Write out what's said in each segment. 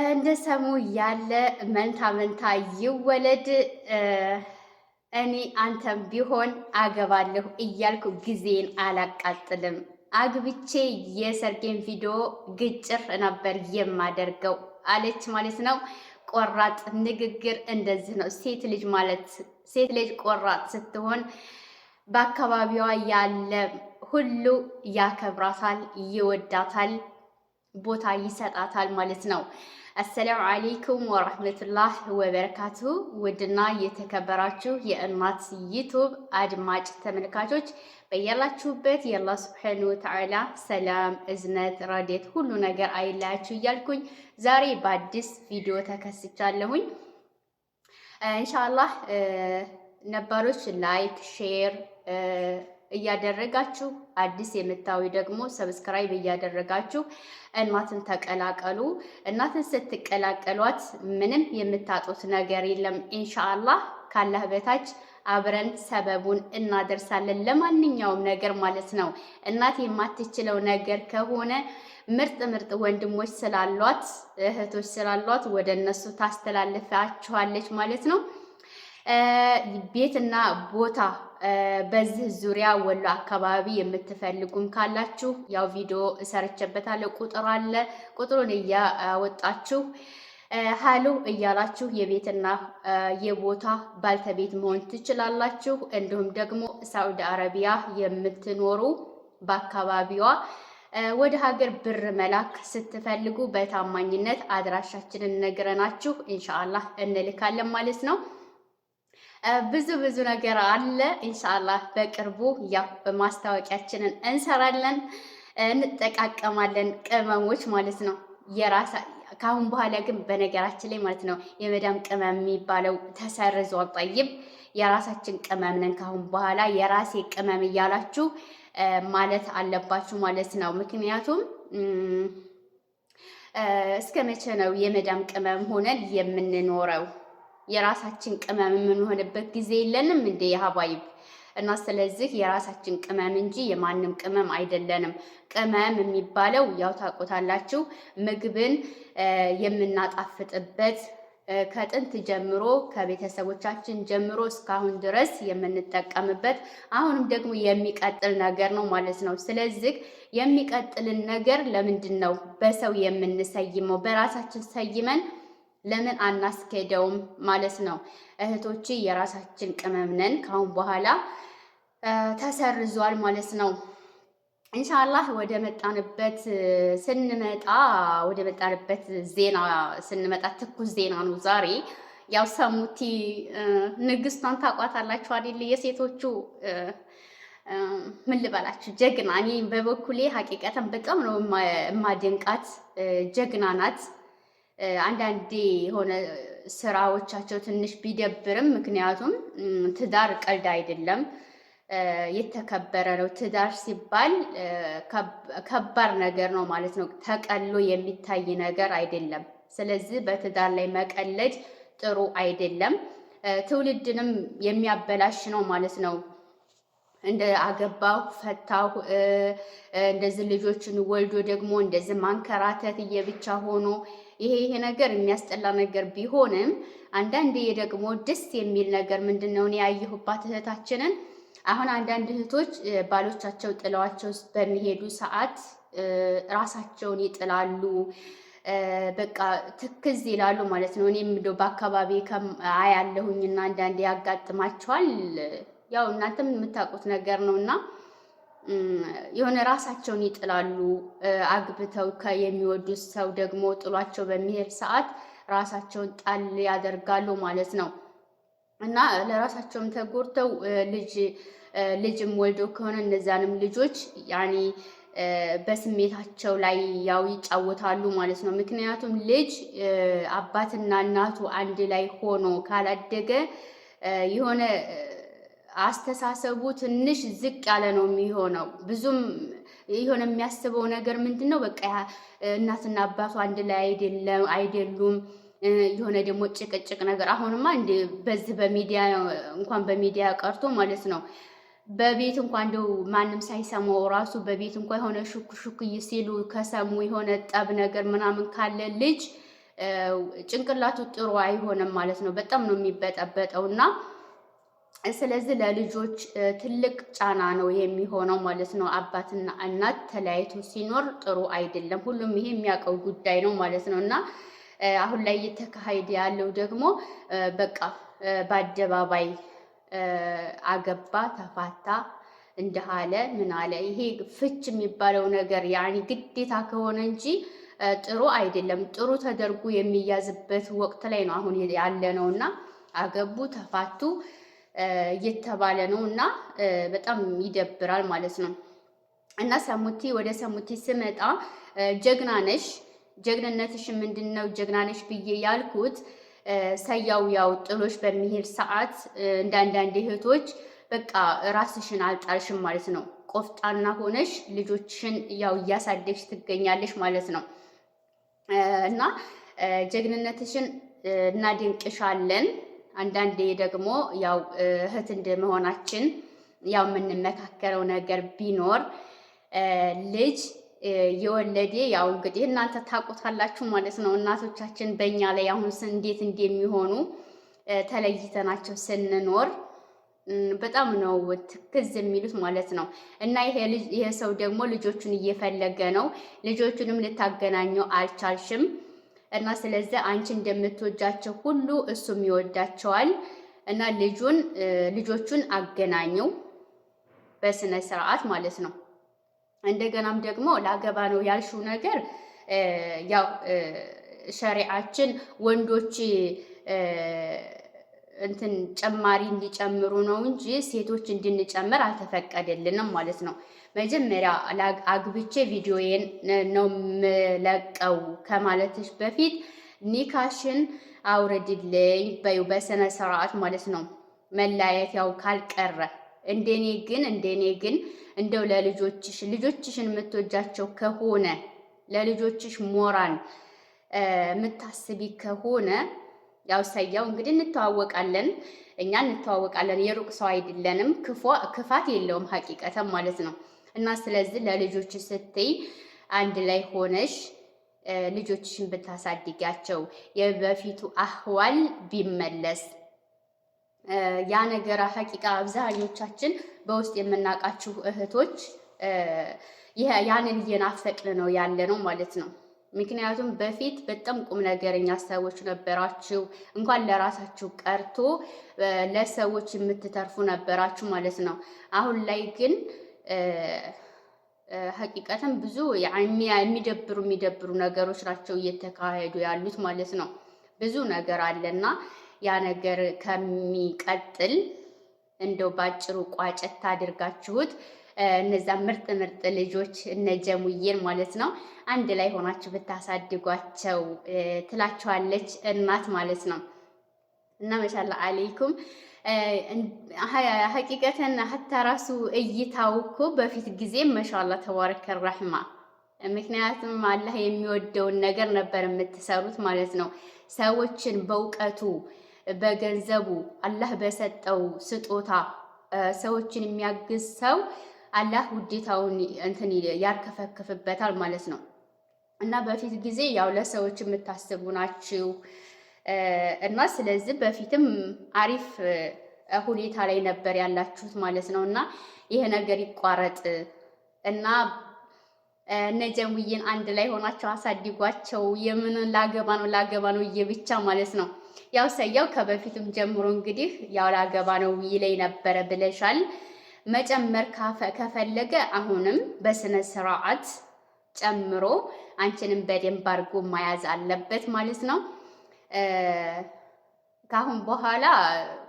እንደ ሰሙ ያለ መንታ መንታ ይወለድ እኔ አንተም ቢሆን አገባለሁ እያልኩ ጊዜን አላቃጥልም። አግብቼ የሰርጌን ቪዲዮ ግጭር ነበር የማደርገው አለች ማለት ነው። ቆራጥ ንግግር እንደዚህ ነው። ሴት ልጅ ማለት ሴት ልጅ ቆራጥ ስትሆን በአካባቢዋ ያለ ሁሉ ያከብራታል፣ ይወዳታል። ቦታ ይሰጣታል ማለት ነው። አሰላሙ አሌይኩም ወራህመቱላህ ወበረካቱ። ውድና የተከበራችሁ የእናት ዩቱብ አድማጭ ተመልካቾች በያላችሁበት የአላህ ስብሐነሁ ወተዓላ ሰላም፣ እዝነት፣ ረዴት ሁሉ ነገር አይለያችሁ እያልኩኝ ዛሬ በአዲስ ቪዲዮ ተከስቻለሁኝ። እንሻላህ ነባሮች ላይክ ሼር እያደረጋችሁ አዲስ የምታዩ ደግሞ ሰብስክራይብ እያደረጋችሁ እናትን ተቀላቀሉ። እናትን ስትቀላቀሏት ምንም የምታጡት ነገር የለም። ኢንሻአላህ ካላህ በታች አብረን ሰበቡን እናደርሳለን ለማንኛውም ነገር ማለት ነው። እናት የማትችለው ነገር ከሆነ ምርጥ ምርጥ ወንድሞች ስላሏት እህቶች ስላሏት ወደ እነሱ ታስተላልፋችኋለች ማለት ነው። ቤትና ቦታ በዚህ ዙሪያ ወሎ አካባቢ የምትፈልጉም ካላችሁ ያው ቪዲዮ እሰርቼበታለሁ። ቁጥር አለ። ቁጥሩን እያወጣችሁ ሀሎ እያላችሁ የቤትና የቦታ ባልተቤት መሆን ትችላላችሁ። እንዲሁም ደግሞ ሳዑዲ አረቢያ የምትኖሩ በአካባቢዋ ወደ ሀገር ብር መላክ ስትፈልጉ በታማኝነት አድራሻችንን ነግረናችሁ ኢንሻአላህ እንልካለን ማለት ነው። ብዙ ብዙ ነገር አለ። ኢንሻአላህ በቅርቡ ያው ማስታወቂያችንን እንሰራለን፣ እንጠቃቀማለን ቅመሞች ማለት ነው የራሳ ከአሁን በኋላ ግን በነገራችን ላይ ማለት ነው የመዳም ቅመም የሚባለው ተሰርዞ ጠይብ የራሳችን ቅመም ነን። ከአሁን በኋላ የራሴ ቅመም እያላችሁ ማለት አለባችሁ ማለት ነው። ምክንያቱም እስከ መቼ ነው የመዳም ቅመም ሆነን የምንኖረው? የራሳችን ቅመም የምንሆንበት ጊዜ የለንም እንዴ የሀባይብ እና ስለዚህ የራሳችን ቅመም እንጂ የማንም ቅመም አይደለንም። ቅመም የሚባለው ያው ታውቁታላችሁ፣ ምግብን የምናጣፍጥበት ከጥንት ጀምሮ ከቤተሰቦቻችን ጀምሮ እስካሁን ድረስ የምንጠቀምበት አሁንም ደግሞ የሚቀጥል ነገር ነው ማለት ነው። ስለዚህ የሚቀጥልን ነገር ለምንድን ነው በሰው የምንሰይመው? በራሳችን ሰይመን ለምን አናስኬደውም ማለት ነው። እህቶች የራሳችን ቅመም ነን። ካሁን በኋላ ተሰርዟል ማለት ነው። ኢንሻአላህ ወደ መጣንበት ስንመጣ ወደ መጣንበት ዜና ስንመጣ ትኩስ ዜና ነው ዛሬ። ያው ሰሙቲ ንግስቷን ታቋታላችሁ አይደል? የሴቶቹ ምን ልበላችሁ ጀግና። እኔ በበኩሌ ሀቂቀተን በጣም ነው የማደንቃት ጀግና ናት። አንዳንዴ የሆነ ስራዎቻቸው ትንሽ ቢደብርም፣ ምክንያቱም ትዳር ቀልድ አይደለም፣ የተከበረ ነው። ትዳር ሲባል ከባድ ነገር ነው ማለት ነው። ተቀሎ የሚታይ ነገር አይደለም። ስለዚህ በትዳር ላይ መቀለድ ጥሩ አይደለም፣ ትውልድንም የሚያበላሽ ነው ማለት ነው። እንደ አገባሁ ፈታሁ እንደዚህ ልጆችን ወልዶ ደግሞ እንደዚህ ማንከራተት እየብቻ ሆኖ ይሄ ይሄ ነገር የሚያስጠላ ነገር ቢሆንም አንዳንዴ ደግሞ ደስ የሚል ነገር ምንድን ነው እኔ ያየሁባት እህታችንን አሁን አንዳንድ እህቶች ባሎቻቸው ጥለዋቸው በሚሄዱ ሰዓት ራሳቸውን ይጥላሉ። በቃ ትክዝ ይላሉ ማለት ነው። እኔም እንደው በአካባቢ አያለሁኝና አንዳንዴ ያጋጥማቸዋል። ያው እናንተም የምታውቁት ነገር ነው እና የሆነ ራሳቸውን ይጥላሉ። አግብተው የሚወዱት ሰው ደግሞ ጥሏቸው በሚሄድ ሰዓት ራሳቸውን ጣል ያደርጋሉ ማለት ነው እና ለራሳቸውም ተጎድተው ልጅ ልጅም ወልደው ከሆነ እነዚያንም ልጆች ያኔ በስሜታቸው ላይ ያው ይጫወታሉ ማለት ነው። ምክንያቱም ልጅ አባትና እናቱ አንድ ላይ ሆኖ ካላደገ የሆነ አስተሳሰቡ ትንሽ ዝቅ ያለ ነው የሚሆነው። ብዙም የሆነ የሚያስበው ነገር ምንድን ነው? በቃ እናትና አባቱ አንድ ላይ አይደለም አይደሉም። የሆነ ደግሞ ጭቅጭቅ ነገር አሁንማ እንደ በዚህ በሚዲያ እንኳን በሚዲያ ቀርቶ ማለት ነው በቤት እንኳን እንደው ማንም ሳይሰማው ራሱ በቤት እንኳን የሆነ ሹክ ሹክ ሲሉ ከሰሙ የሆነ ጠብ ነገር ምናምን ካለ ልጅ ጭንቅላቱ ጥሩ አይሆንም ማለት ነው። በጣም ነው የሚበጠበጠው እና ስለዚህ ለልጆች ትልቅ ጫና ነው የሚሆነው ማለት ነው። አባትና እናት ተለያይቶ ሲኖር ጥሩ አይደለም። ሁሉም ይሄ የሚያውቀው ጉዳይ ነው ማለት ነው እና አሁን ላይ እየተካሄደ ያለው ደግሞ በቃ በአደባባይ አገባ፣ ተፋታ፣ እንዲህ አለ ምን አለ ይሄ ፍች የሚባለው ነገር ያኔ ግዴታ ከሆነ እንጂ ጥሩ አይደለም። ጥሩ ተደርጎ የሚያዝበት ወቅት ላይ ነው አሁን ያለ ነው እና አገቡ፣ ተፋቱ እየተባለ ነው እና በጣም ይደብራል ማለት ነው። እና ሰሙቲ ወደ ሰሙቲ ስመጣ ጀግና ነሽ፣ ጀግንነትሽ ምንድን ነው ጀግና ነሽ ብዬ ያልኩት ሰያው ያው ጥሎሽ በሚሄድ ሰዓት እንደ አንዳንድ እህቶች በቃ ራስሽን አልጣልሽም ማለት ነው። ቆፍጣና ሆነሽ ልጆችሽን ያው እያሳደግሽ ትገኛለሽ ማለት ነው እና ጀግንነትሽን እናደንቅሻለን። አንዳንዴ ደግሞ ያው እህት እንደመሆናችን ያው የምንመካከረው ነገር ቢኖር ልጅ የወለዴ ያው እንግዲህ እናንተ ታውቁታላችሁ ማለት ነው። እናቶቻችን በእኛ ላይ አሁን እንዴት እንደሚሆኑ ተለይተናቸው ስንኖር በጣም ነው ትክዝ የሚሉት ማለት ነው። እና ይሄ ሰው ደግሞ ልጆቹን እየፈለገ ነው። ልጆቹንም ልታገናኘው አልቻልሽም። እና ስለዚህ አንቺ እንደምትወጃቸው ሁሉ እሱም ይወዳቸዋል እና ልጁን ልጆቹን አገናኘው በስነ ስርዓት ማለት ነው። እንደገናም ደግሞ ላገባ ነው ያልሽው ነገር ያው ሸሪዓችን ወንዶች እንትን ጭማሪ እንዲጨምሩ ነው እንጂ ሴቶች እንድንጨምር አልተፈቀደልንም ማለት ነው። መጀመሪያ አግብቼ ቪዲዮዬን ነው የምለቀው ከማለትሽ በፊት ኒካሽን አውረድልኝ በዩ በስነ ስርዓት ማለት ነው። መላየት ያው ካልቀረ እንደኔ ግን እንደኔ ግን እንደው ለልጆችሽ ልጆችሽን የምትወጃቸው ከሆነ ለልጆችሽ ሞራል የምታስቢ ከሆነ ያው ሰያው እንግዲህ እንተዋወቃለን፣ እኛ እንተዋወቃለን። የሩቅ ሰው አይደለንም። ክፎ ክፋት የለውም ሀቂቀተም ማለት ነው። እና ስለዚህ ለልጆች ስትይ አንድ ላይ ሆነሽ ልጆችሽን ብታሳድጋቸው የበፊቱ አህዋል ቢመለስ ያ ነገር ሀቂቃ አብዛኞቻችን በውስጥ የምናውቃችሁ እህቶች ያንን እየናፈቅን ነው ያለ ነው ማለት ነው። ምክንያቱም በፊት በጣም ቁም ነገረኛ ሰዎች ነበራችሁ። እንኳን ለራሳችሁ ቀርቶ ለሰዎች የምትተርፉ ነበራችሁ ማለት ነው። አሁን ላይ ግን ሀቂቀትን ብዙ የሚደብሩ የሚደብሩ ነገሮች ናቸው እየተካሄዱ ያሉት ማለት ነው። ብዙ ነገር አለና ያ ነገር ከሚቀጥል እንደው ባጭሩ ቋጨት አድርጋችሁት እነዛ ምርጥ ምርጥ ልጆች እነ ጀሙዬን ማለት ነው አንድ ላይ ሆናችሁ ብታሳድጓቸው ትላችኋለች እናት ማለት ነው። እና መሻላ አለይኩም ሀቂቀተን ሀታ ራሱ እይታው እኮ በፊት ጊዜ መሻላ ተባረከ ረሕማ ምክንያቱም አላህ የሚወደውን ነገር ነበር የምትሰሩት ማለት ነው። ሰዎችን በእውቀቱ በገንዘቡ አላህ በሰጠው ስጦታ ሰዎችን የሚያግዝ ሰው አላህ ውዴታውን እንትን ያርከፈክፍበታል ማለት ነው። እና በፊት ጊዜ ያው ለሰዎች የምታስቡ ናችሁ እና ስለዚህ በፊትም አሪፍ ሁኔታ ላይ ነበር ያላችሁት ማለት ነው። እና ይሄ ነገር ይቋረጥ እና ነጀሙዬን አንድ ላይ ሆናቸው አሳድጓቸው። የምን ላገባ ነው ላገባ ነው ብቻ ማለት ነው። ያው ሰያው ከበፊትም ጀምሮ እንግዲህ ያው ላገባ ነው ይለኝ ነበረ ብለሻል። መጨመር ከፈለገ አሁንም በስነ ስርዓት ጨምሮ አንቺንም በደንብ አድርጎ መያዝ አለበት ማለት ነው። ከአሁን በኋላ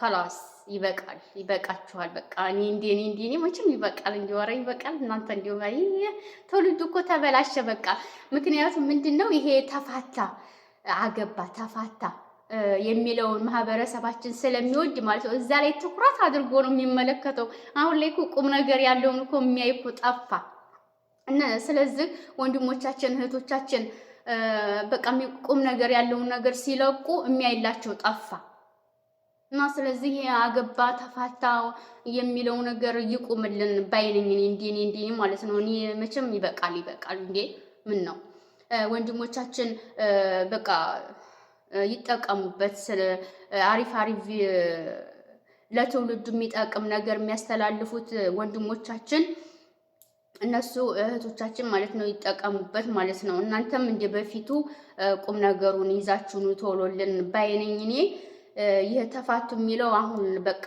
ከላስ ይበቃል፣ ይበቃችኋል። በቃ እኔ እንዲ እኔ እንዲ እኔ መቼም ይበቃል፣ እንዲወረ ይበቃል። እናንተ እንዲሁ ትውልዱ እኮ ተበላሸ በቃ። ምክንያቱም ምንድን ነው ይሄ ተፋታ፣ አገባ፣ ተፋታ የሚለውን ማህበረሰባችን ስለሚወድ ማለት ነው እዛ ላይ ትኩረት አድርጎ ነው የሚመለከተው። አሁን ላይ እኮ ቁም ነገር ያለውን እኮ የሚያይ እኮ ጠፋ። ስለዚህ ወንድሞቻችን እህቶቻችን በቃ ቁም ነገር ያለውን ነገር ሲለቁ የሚያይላቸው ጠፋ እና ስለዚህ አገባ ተፋታ የሚለው ነገር ይቁምልን ባይነኝ እንዲኔ እንዲኔ ማለት ነው። እኔ መቼም ይበቃል ይበቃል። እንዴ ምን ነው ወንድሞቻችን በቃ ይጠቀሙበት። ስለ አሪፍ አሪፍ ለትውልዱ የሚጠቅም ነገር የሚያስተላልፉት ወንድሞቻችን እነሱ እህቶቻችን ማለት ነው ይጠቀሙበት ማለት ነው። እናንተም እንደ በፊቱ ቁም ነገሩን ይዛችሁኑ ቶሎልን ባይነኝ። እኔ ይህ ተፋቱ የሚለው አሁን በቃ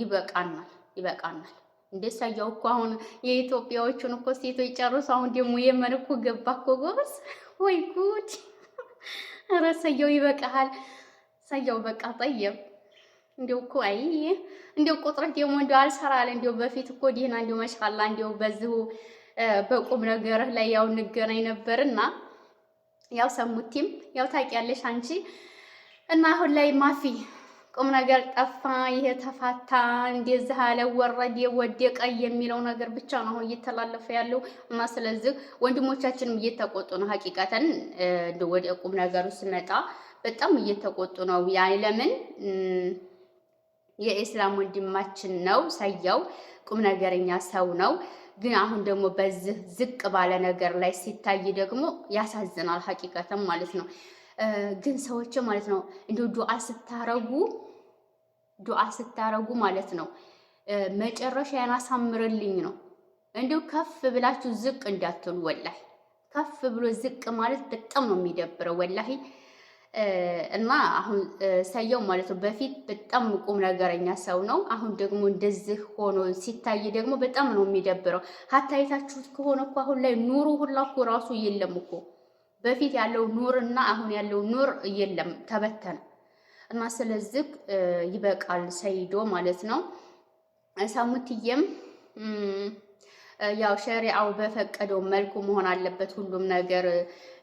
ይበቃናል፣ ይበቃናል። እንደ ሳያው እኮ አሁን የኢትዮጵያዎቹን እኮ ሴቶች ጨርሶ አሁን ደግሞ የመን እኮ ገባ እኮ ጎበዝ። ወይ ጉድ! ኧረ ሰየው ይበቃሃል። ሰየው በቃ ጠየም እንዲው እኮ አይ እንዲው ቁጥረት ደግሞ እንዲው አልሰራል እንዲው በፊት እኮ ዲህና እንዲው መሻላ እንዲው በዚሁ በቁም ነገር ላይ ያው እንገናኝ ነበርና ያው ሰሙቲም ያው ታውቂያለሽ አንቺ እና አሁን ላይ ማፊ ቁም ነገር ጠፋ። ይሄ ተፋታ፣ እንደዚህ አለ፣ ወረደ፣ ወደቀ የሚለው ነገር ብቻ ነው አሁን እየተላለፈ ያለው እና ስለዚህ ወንድሞቻችንም እየተቆጡ ነው። ሀቂቃተን ወደ ቁም ነገሩ ስመጣ በጣም እየተቆጡ ነው። ያለምን ለምን የኢስላም ወንድማችን ነው ሰየው ቁም ነገረኛ ሰው ነው። ግን አሁን ደግሞ በዚህ ዝቅ ባለ ነገር ላይ ሲታይ ደግሞ ያሳዝናል፣ ሀቂቃተን ማለት ነው። ግን ሰዎች ማለት ነው እንደ ዱዓ ስታረጉ ዱዓ ስታረጉ ማለት ነው መጨረሻ ያን ነው። እንዲሁ ከፍ ብላችሁ ዝቅ እንዳትሉ። ወላሂ ከፍ ብሎ ዝቅ ማለት በጣም ነው የሚደብረው ወላሂ። እና አሁን ሰየው ማለት ነው በፊት በጣም ቁም ነገረኛ ሰው ነው። አሁን ደግሞ እንደዚህ ሆኖ ሲታይ ደግሞ በጣም ነው የሚደብረው። ሀታይታችሁት ከሆነ እኮ አሁን ላይ ኑሮ ሁላ እኮ ራሱ የለም እኮ በፊት ያለው ኑር እና አሁን ያለው ኑር የለም ተበተነ እና ስለዚህ ይበቃል ሰይዶ ማለት ነው። ሳሙትዬም ያው ሸሪአው በፈቀደው መልኩ መሆን አለበት ሁሉም ነገር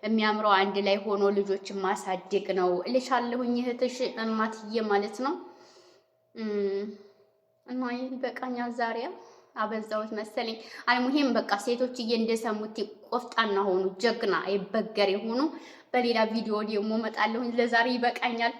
የሚያምረው አንድ ላይ ሆኖ ልጆች ማሳደግ ነው እልሻለሁኝ እህትሽ እማትዬ ማለት ነው። እና ይህ በቃኛ ዛሬ አበዛውት መሰለኝ። አይ ሙሄም በቃ ሴቶችዬ እንደሰሙት ቆፍጣና ሆኑ፣ ጀግና አይበገር የሆኑ በሌላ ቪዲዮ ደግሞ እመጣለሁኝ። ለዛሬ ይበቃኛል።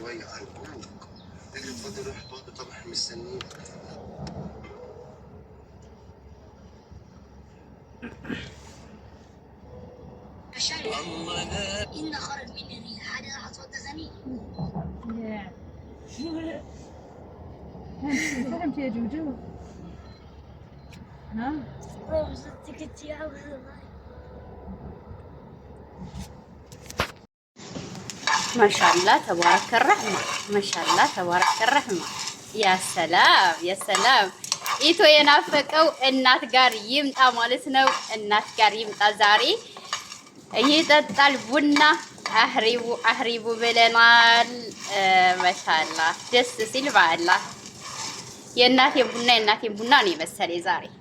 شوي على البنوك اللي فضل احباط طبعا مستنيين ማሻላ ተባረከ ረህማ ማሻላ ተባረከ ረህማ። ያ ሰላም ያ ኢትዮ የናፈቀው እናት ጋር ይምጣ ማለት ነው። እናት ጋር ይምጣ ዛሬ ይጠጣል ቡና አህሪቡ አህሪቡ ብለናል። መሻላ ደስ ሲል በአላህ የእናቴን ቡና የእናቴን ቡና ነው የመሰለ ዛሬ